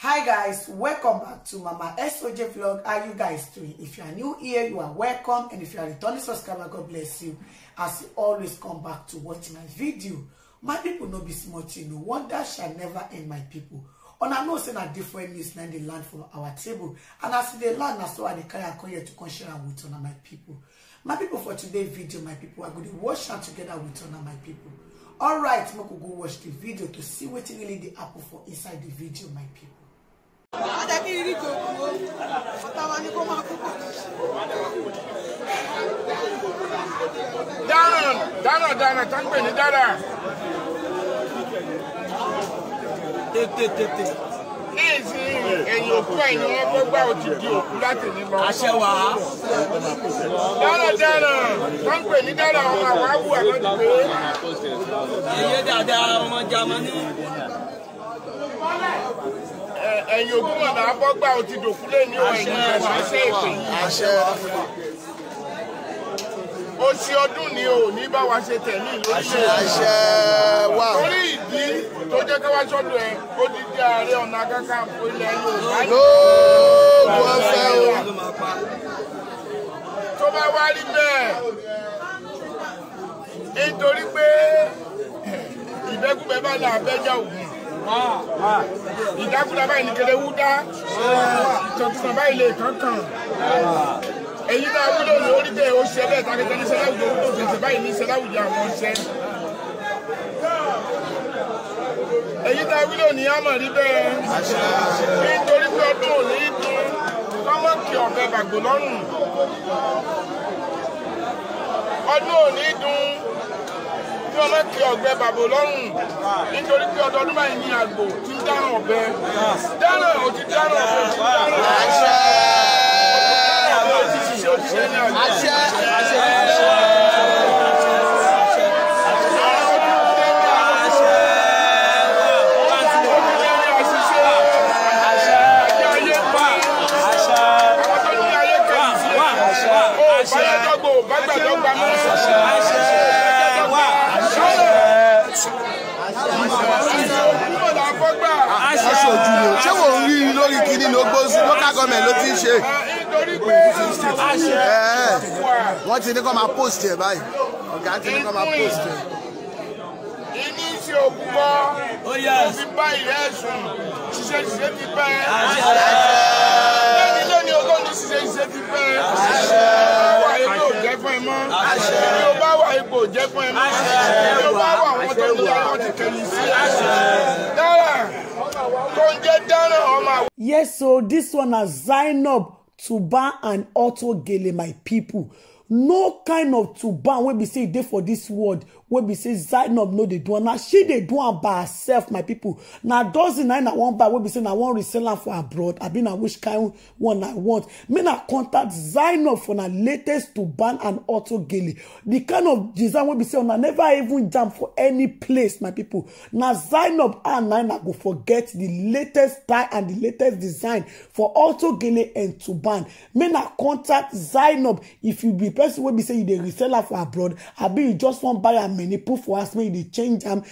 hi guys welcome back to mama soj vlog how you guys doing if you are new here you are welcome and if you are returning subscriber god bless you as you always come back to watch my video my people no be small thing no wonder shall never end my people and i know say na different news na dey land for our table and as e dey land na so i dey carry call come here to come share am with una my people my people for today's video my people i go to watch am together with one of my people alright make we go watch the video to see wetin really the apple for inside the video my people ní ìrìjò kúrò àtàwa ni kó máa kú pọ̀ dáràn dáràn dáràn tó ń pè ní dáràn. tètè tètè ní ìsinyìí ẹ̀yìn òkú ẹ̀ ni wọ́n fẹ́ gbà ó di òkú láti ní lọ. àṣẹ wà á. dára dára tó ń pè ní dára ọmọ àwọn awù àlọ́dún pé. ẹ̀yẹ dáadáa ọmọ jamani ẹ̀yin Ògúnmọ̀nà abọ́gbà ó ti dòkú lé ní òyìn ìrẹsẹ̀ ìpè oṣù ọdún ni o ní bá wa ṣe tẹ̀lé lórílẹ̀ àṣẹ wa ìdí tó jẹ́ ká wá sọ́dọ̀ ẹ ó di di ààrẹ ọ̀nà kakanfò ilẹ̀ Yorùbá lóògùn ọ̀fẹ́ o tó bá wá rí bẹ́ẹ̀ nítorí pé ìbẹ́kúbẹ́ bá là abẹ́jà ògùn. Ah, ah ìdákúlá báyìí ní kéde wú dá ìtọ̀tún báyìí lè kankan èyí náà wúlò lórí bẹ́ẹ̀ ó ṣe bẹ́ẹ̀ tàbí tẹ́lẹ̀ ṣẹlẹ̀ àwùjọ ó tètè báyìí ní ṣẹlẹ̀ àwọn ọ̀ṣẹ́ èyí tá a wí lónìí rí bẹ́ẹ̀ nítorí pé ọdún òní dùn kọ́mọ́ kí ọ̀bẹ lọ́rùn ọdún òní dùn kí ọmọ kí ọgbẹ bàbá lọ́rùn nítorí pé ọdọọdún báyìí ní àgbò ti ń dáràn ọ̀bẹ dáràn ò ti dáràn ọ̀bẹ ti dáràn ọ̀bẹ àṣẹ àṣẹ àṣẹ. ṣe wọ́n ti ní kó máa post ẹ̀ báyìí ọ̀gá ti ní kó máa post ẹ̀. Iní ṣe òkú kọ́, oh, fi bá ìrẹ́ ẹ̀sùn, ṣiṣẹ́ ṣiṣẹ́ ti pẹ́. Lẹ́ni lónìí ogún ṣiṣẹ́ ṣiṣẹ́ ti pẹ́. Wà ipò jẹ́ fún ẹ mọ́. Bí o bá wà ipò jẹ́ fún ẹ mọ́. Bí o bá wà àwọn tó ń lọ, wọ́n ti kẹ́yìn sí. Yes, so this one has signed up to Tuba, an auto Gele, my people no kind of tuban wey be say e dey for dis world wey be say zainab no dey do am na she dey do am by herself my pipo na dozen na one buy wey be say na one resell am for abroad i bin na which kind one i want Me na contact zainab for na latest tuban and auto gele The kind of design wey be say una never even jam for any place my pipo na zainab and na go forget the latest style and the latest design for auto gele and tuban Me na contact zainab if you be person will be saying you dey reseller for abroad I be just one buyer. am many e put for house make you change them.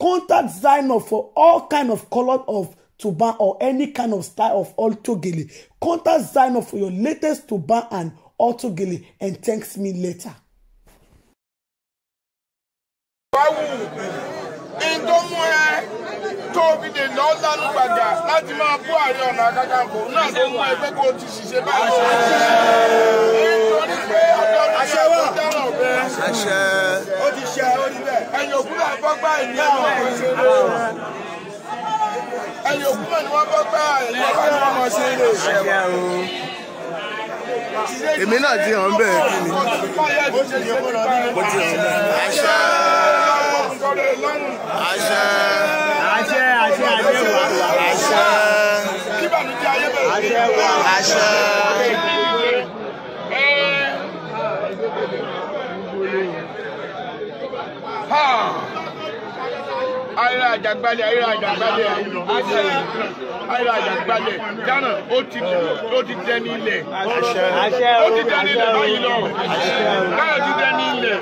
contact designer for all kind of color of tuba or any kind of style of altogele contact designer for your latest tuba and altogele and thanks me later. tó fi dè lọ sánú gbàgà láti máa bú Ààrẹ Ọ̀nà Kakanfò náà ló mú ẹgbẹ́ to ti ṣiṣẹ́ báyìí àṣẹ wà àṣẹ ó ti ṣe ó ti bẹ ẹ̀yin òkú náà bọgbà ìyá àwọn òṣèré ẹ̀yin òkú náà ni wọn bọgbà ìyá àwọn òṣèré èmi náà ti hàn bẹ́ẹ̀ kí ni mo ti hàn bẹ́ẹ̀. àṣẹ àṣẹ. àjàgbálẹ̀ ayé àjàgbálẹ̀ àṣẹ ayé àjàgbálẹ̀ dáná ó ti ó ti dẹni ilẹ̀ ó ti dẹni ilẹ̀ báyìí lọ ó ti dẹni ilẹ̀.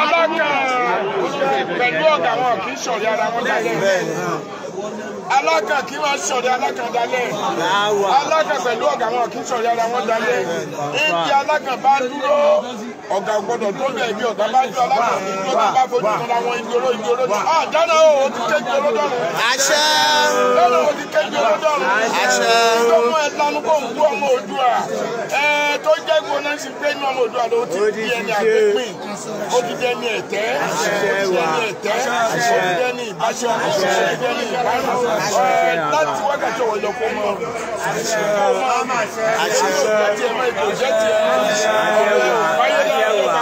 ọlọ́kàn pẹ̀lú ọ̀gá wọn kì í sọ̀rí ara wọn dáyé alága kì í máa sọ̀rọ̀ alága dalẹ̀ alága pẹ̀lú ọ̀gá wọn kì í sọ̀rọ̀ ara wọn dalẹ̀ ibi alága bá dúró ọ̀gá gbọ́dọ̀ tó bẹ̀ bí ọ̀gá bá ju alága ní tó tó bá fojú kan àwọn ìgboro ìgboro ní. a dáná o o ti ké ìgboro dọ̀rùn. àṣẹ. dáná o ti ké ìgboro dọ̀rùn. àṣẹ. tọmọ ẹ lanu kó ń kú ọmọ òdua ẹ tó jẹ́ gbóná sí pé ní ọmọ òdua ló ti di ẹni àgbẹ̀pìn ó ti di ẹni ẹ̀tẹ́ ó ti di ẹni ẹ̀tẹ́ ó ti di ẹni ìbáṣọ ó ti di ẹni ìbáṣọ láti wákàtí ọ̀wọ̀ yọkọ mọ́ jẹ́tì ẹ̀mọ́ ìkò jẹ́tì ẹ̀mọ́ báyédọ́gba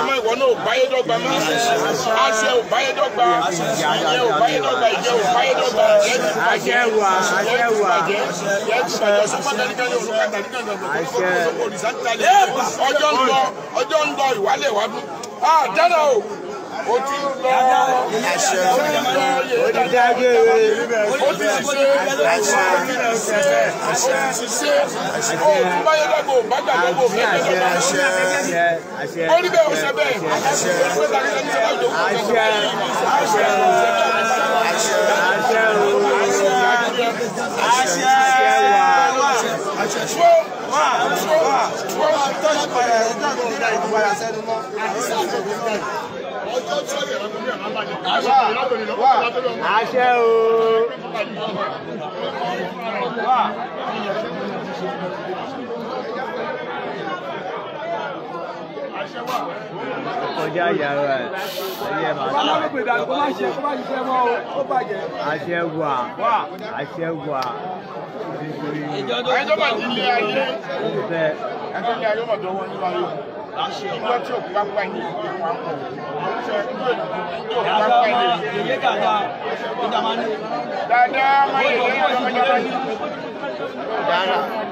mọ́ ìwọ náà báyédọ́gba mọ́ àṣẹ ò báyédọ́gba ìyẹ ò báyédọ́gba ìjẹ ò báyédọ́gba àṣẹ wà àṣẹ wà àṣẹ ọjọ́ ń lọ ọjọ́ ń lọ ìwálẹ̀ wá dún. dáadáa o ó ti lọ àṣẹ ó ti dájú ewé ó ti ṣiṣẹ́ àṣẹ àṣẹ àṣẹ àṣẹ ó ti báyọ̀ dàgbò bá gbàgbọ́ bò bẹ́ẹ̀ lọ́dọ̀ bá àṣẹ àṣẹ ó ní bẹ́ẹ̀ ó ṣe bẹ́ẹ̀ àṣẹ ó ṣe bẹ́ẹ̀ àṣẹ àṣẹ àṣẹ àṣẹ àṣẹ àṣẹ wà. Touch by the wà àṣẹ o wà. kọjá yàrá ẹ àṣẹ wà àṣẹ wà. ẹjọ́ tó bá ti lé ayé ẹjọ́ tó bá ti lé ayé ọmọdé wọn nínú ayé ìjọ tí òkú bá pa yín ìlú ìwà pọ̀ ṣe ìjọ tí òkú bá pa yín ìlú ìwà pọ̀. dáadáa máa yẹ lórí ọmọdé bá yín. dáadáa.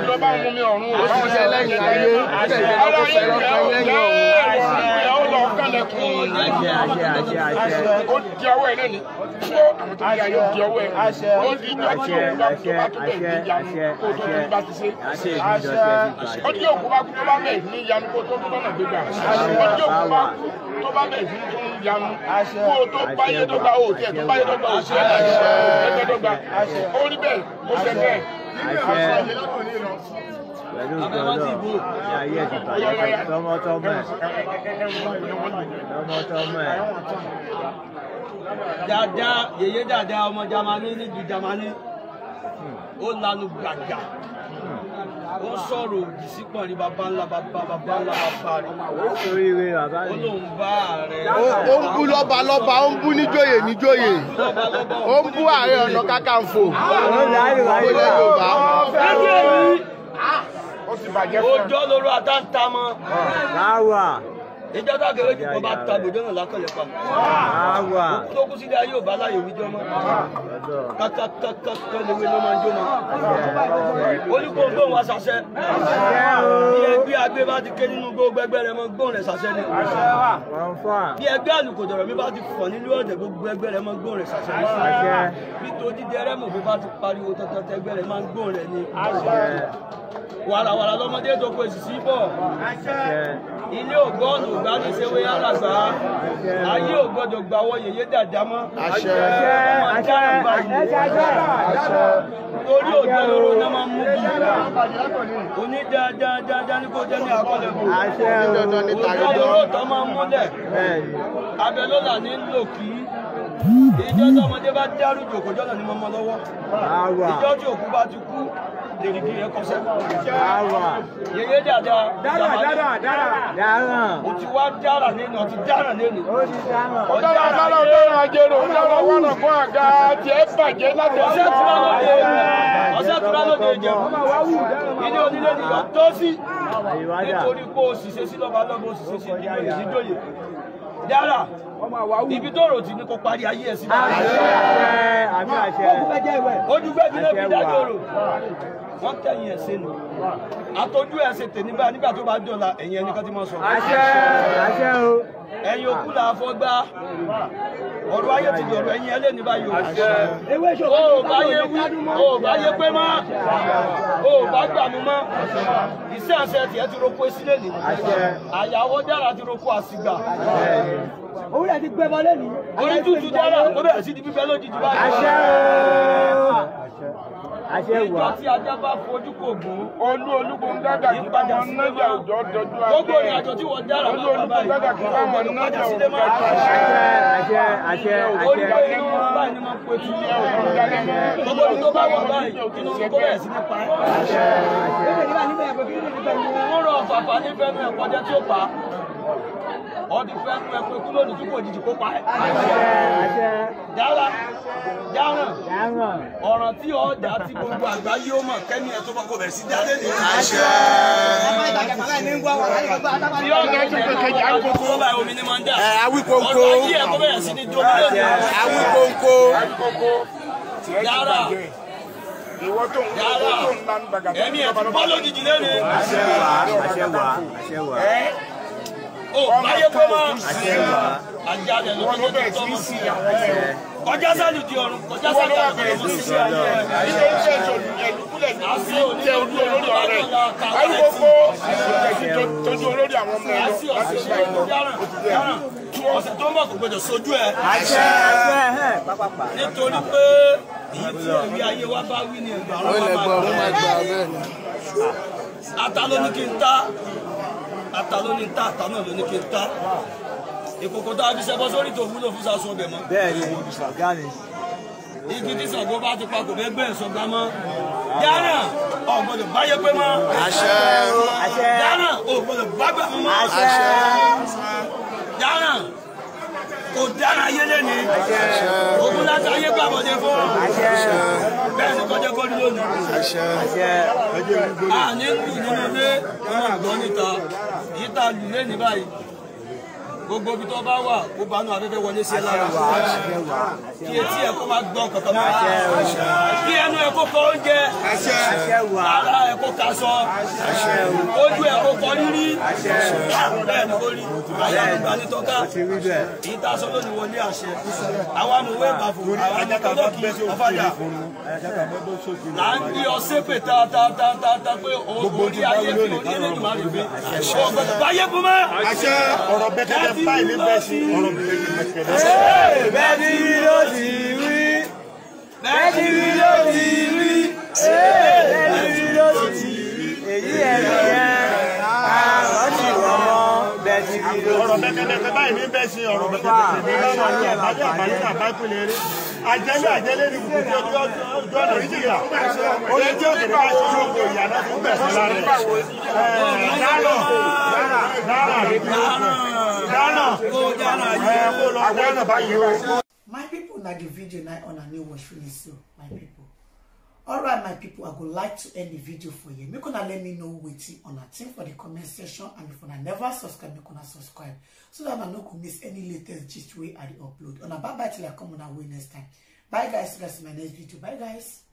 ló bá mú mi ọ̀run o. àwọn iṣẹ́ lẹ́yìn ayé tẹ̀lé lọ́kọ̀ fẹ́ lọ́kọ̀ lẹ́yìn ọ̀run. ìyàwó lọ kálẹ̀kùn. àṣẹ àṣẹ àṣẹ àṣẹ. ó di ọwọ́ ẹ lẹ́nu. ó àwọn tó di ayé ó di ọwọ́ ẹ. ó di ìjọ tí òkú bá tó bá tó bẹ̀ ní ìyanu kó tó tó bá ti ṣe. ó di òkú bá tó bá bẹ̀ ní ìyanu kó tó tó lọ́nà gbégbà. ó di òkú bá tó bá bẹ̀ ní ìyanu kó tó báyé dọ́gba ó tiẹ̀ tó báyé dọ́gba ó tiẹ̀ tó báyé dọ́gba ó rí bẹ́ẹ̀ ó ṣẹ bẹ́ẹ̀ àṣẹ pẹ̀lú gbọ́dọ̀ ọmọ jamani níbi jamani ó lanu gbàgbà wọ́n sọ̀rọ̀ òdì sí pọ̀nrín bàbá ńlá bàbá bàbá ńlá bàbá rẹ̀. ó bá ààrẹ. ó ń bú lọ́ba lọ́ba ó ń bú níjòyè níjòyè ó ń bú ààrẹ ọ̀nà kákàǹfò. Ah, ó ti bàjẹ́ fún ẹ. ọjọ́ lóru àtàntàmọ́ ìjọba àgẹ̀rẹ́ jù kọ́ bá ta gbòdó hàn lákọ̀lẹ̀ pa. òkú tó kú sílé ayé ò bá láyè wíjọ́ mọ́. kákákákáká lewé ló máa ń jó mọ́. olùkọ́ gbóhùn wa ṣàṣẹ. bí ẹgbẹ́ agbé bá ti ké nínú gbogbo ẹgbẹ́ rẹ mọ́ gbóhùn rẹ ṣàṣẹ ni. bí ẹgbẹ́ àlùkòdọ̀rọ̀ mi bá ti fọ̀ nílé ọ̀dẹ̀ gbogbo ẹgbẹ́ rẹ mọ́ gbóhùn rẹ ṣàṣẹ ni. bí tó dídẹ rẹ mọ̀ bí bá ti pariwo tọ́tọ́ tẹgbẹ́ rẹ máa ń gbóhùn rẹ ni. wàràwàrà lọmọdé tó kọ èsì sí bọ̀ ilé ògbọ́nù ìbánisẹ́wé alàgbà ayé ògbọ́dọ̀ gbàwọ́ yèyé dàda mọ́ àṣẹ àṣẹ àṣẹ torí òjò lóró náà máa mú bí oní dáadáa ní kò jẹ́ ní àkọlẹ̀ bò òjò lóró tó máa múlẹ̀ abẹ́lọ́là ní lòkì ìjọ́ tí ọmọdé bá dárú jòkó jọ́nà ni mo mọ lọ́wọ́ ìjọ́ tí òkú bá ti kú dèrègì yẹn kọsẹ̀. dára yẹyẹ dada. dára dára dára. dára. o ti wá dára nínú o ti nínú. o ti dára. o dára dára o dára ajero o dára wọnà fún àga tiẹ̀ bàjẹ́ láti ọ̀sẹ̀ tura lóde ọ̀sẹ̀ tura lóde jẹ ilé onílé ni yọ tó sí nítorí pé o sì sí lọ́ba lọ́ba o sì ṣe sí ìdílé ìdíjọ́yè dára ibi tó rò tí ni kò parí ayé ẹ̀ sí. àṣẹ àṣẹ àṣẹ. ojú fẹ́ ti lé fi dájọ́ rò wọ́n kẹ́yìn ẹ̀ sẹ́nu àtọ́jú ẹ̀ ṣe tèmi nígbà tó bá dọ̀la ẹ̀yìn ẹni kan ti mọ̀ sọ̀rọ̀. àṣẹ àṣẹ o. ẹ̀yin òkú là á fọ́gbá ayé ti dọ̀rọ̀ ẹ̀yin ẹlẹ́ ní báyìí o. o bá yé wí o bá yé pé mọ́ o bá gbà mí mọ́ iṣẹ́ àṣẹ tiẹ̀ ti roko sílẹ̀ nì àyàwó dára ti roko àsìgbà. òun yà ti gbẹ bọ lẹ́nu. orí tútù dára ó bẹ̀rẹ̀ sí di bíbẹ́ lójijì báyìí. àṣẹ ìjọ tí ajá bá fojú kò gún. olú olúkúngágà kí báwọn nájà òjò dọjú àgbẹ̀. gbogbo ìrìn àjò tí wọ́n dára bá bàbá yìí. olú olúkúngágà kí báwọn nájà òjò dọjú àṣẹ àṣẹ àṣẹ àṣẹ. gbogbo ìlú tó bá wọ̀ báyìí inú kó bẹ̀rẹ̀ sí ní pa ẹ́. àṣẹ àṣẹ. wọ́n rọ ọ̀fàfà nífẹ̀ẹ́ mi ẹ̀kọ́jẹ́ tí ó pa ọdún fẹ́ fún ẹkùn ikú lónìí tí kò jìjì kó pa ẹ́. dára dáràn ọ̀ràn tí ọjà ti gbogbo àgbáyé ó mọ̀ kẹ́ni ẹ̀ tó bá kò bẹ̀rẹ̀ sí dáadé ní. tí ọ̀gá tó kékeré jà ń kókó. ọba omi ni máa ń dà. awí kókó. ọba yìí ẹ̀kọ́ bẹ̀rẹ̀ sí ní jó mílíọ̀nù. awí kókó. dára ìwọ tó ń ẹ̀mí ẹ̀ ti bọ́ lójijì lẹ́nu báyé kó mọ́ àjá rẹ̀ ló ń bẹ̀rẹ̀ sí í sí àwọn ẹ̀ kọjá sálù di ọrùn kọjá sálù àwọn ọmọ sí ayé ẹ ilé iṣẹ́ ìjọlù yẹn lùkúlẹ̀ ní àti jẹ ojú olórí ọrẹ arúgbó tọ́jú olórí àwọn ọmọ ẹ lọ láti ṣe àìlọ ọ̀sẹ̀ tó ń bọ̀ kò gbọdọ̀ sojú ẹ. àṣẹ nítorí pé èyí tí ẹ̀rí ayé wa bá wí ni ẹ̀gbà ọ̀rọ̀ máa gbà. ata ló ní kí n ta ata ló ní ta ata náà ló ní kí n ta ìkòkò tá a fi ṣẹbọ sórí tó wúlò fún sasùn ọbẹ̀ mọ́. bẹ́ẹ̀ ni ṣàgá ni. igi tí Ṣàngó bá ti pa kò fẹ́ gbẹ ìsọgbà mọ́. yánà ò gbọ́dọ̀ báyé pé mọ́. àṣẹ àṣẹ yánà ò gbọ́dọ̀ bágbà mọ́. àṣẹ yánà kò dára yélé ni. ogun láti ayé gbàbọ̀dé fún ọ. bẹ́ẹ̀ ni kọjá kọ́ni lónìí. àní kù nínú ilé wọn àgbọ̀ níta èyí tá a lù lé ní báyìí gbogbo ibi tó bá wà kó banú afẹ́fẹ́ wọlé sí lára kí etí ẹ kó máa gbọ́ kankan máa kí ẹnu ẹ kó kọ oúnjẹ ara ẹ kó kaṣọ ojú ẹ kó kọ rírí bẹ́ẹ̀ ni ó rí àyà ló tọ́ka kì í ta aṣọ lónìí wọlé àṣẹ àwa mú wé bàfò àwa ní kọ́lọ́kì ọ̀fàdà là ń gbé ọ sépè ta pé òun orí ayé fi orí ẹlẹ́dùn máa rè gbé báyé fún mọ́ táì ní bẹ́ẹ̀ sí ọ̀rọ̀ bẹ́ẹ̀ bẹ́ẹ̀ ni mi ló ti rí bẹ́ẹ̀ ni mi ló ti rí bẹ́ẹ̀ ni mi ló ti rí èyí ẹ̀rọ yẹn àwọn ti wọ̀ mọ́ bẹ́ẹ̀ ni mi ló ti rí. ọ̀rọ̀ bẹ́ẹ̀ báyìí ní bẹ́ẹ̀ sí ọ̀rọ̀ bẹ́ẹ̀ ni mi ló ti rí àbájá àbájá àbákùnrin rí àjẹlé àjẹlé ní kùkù tí ojú ọjọ́ ọ̀nà ìjìyà ó lè jẹ́ òkè nípa ìṣòro ìyànà fún bẹ̀rẹ̀ lára rẹ̀ my people, na the video na on a new watch finish so my pipo alright my people, i would like to end the video for you make gonna let me know on a. think for the comment section and if una never subscribe make gonna subscribe so that una no go miss any latest gist wey i dey upload a bye bye till i come on una way next time bye guys see you my next video bye guys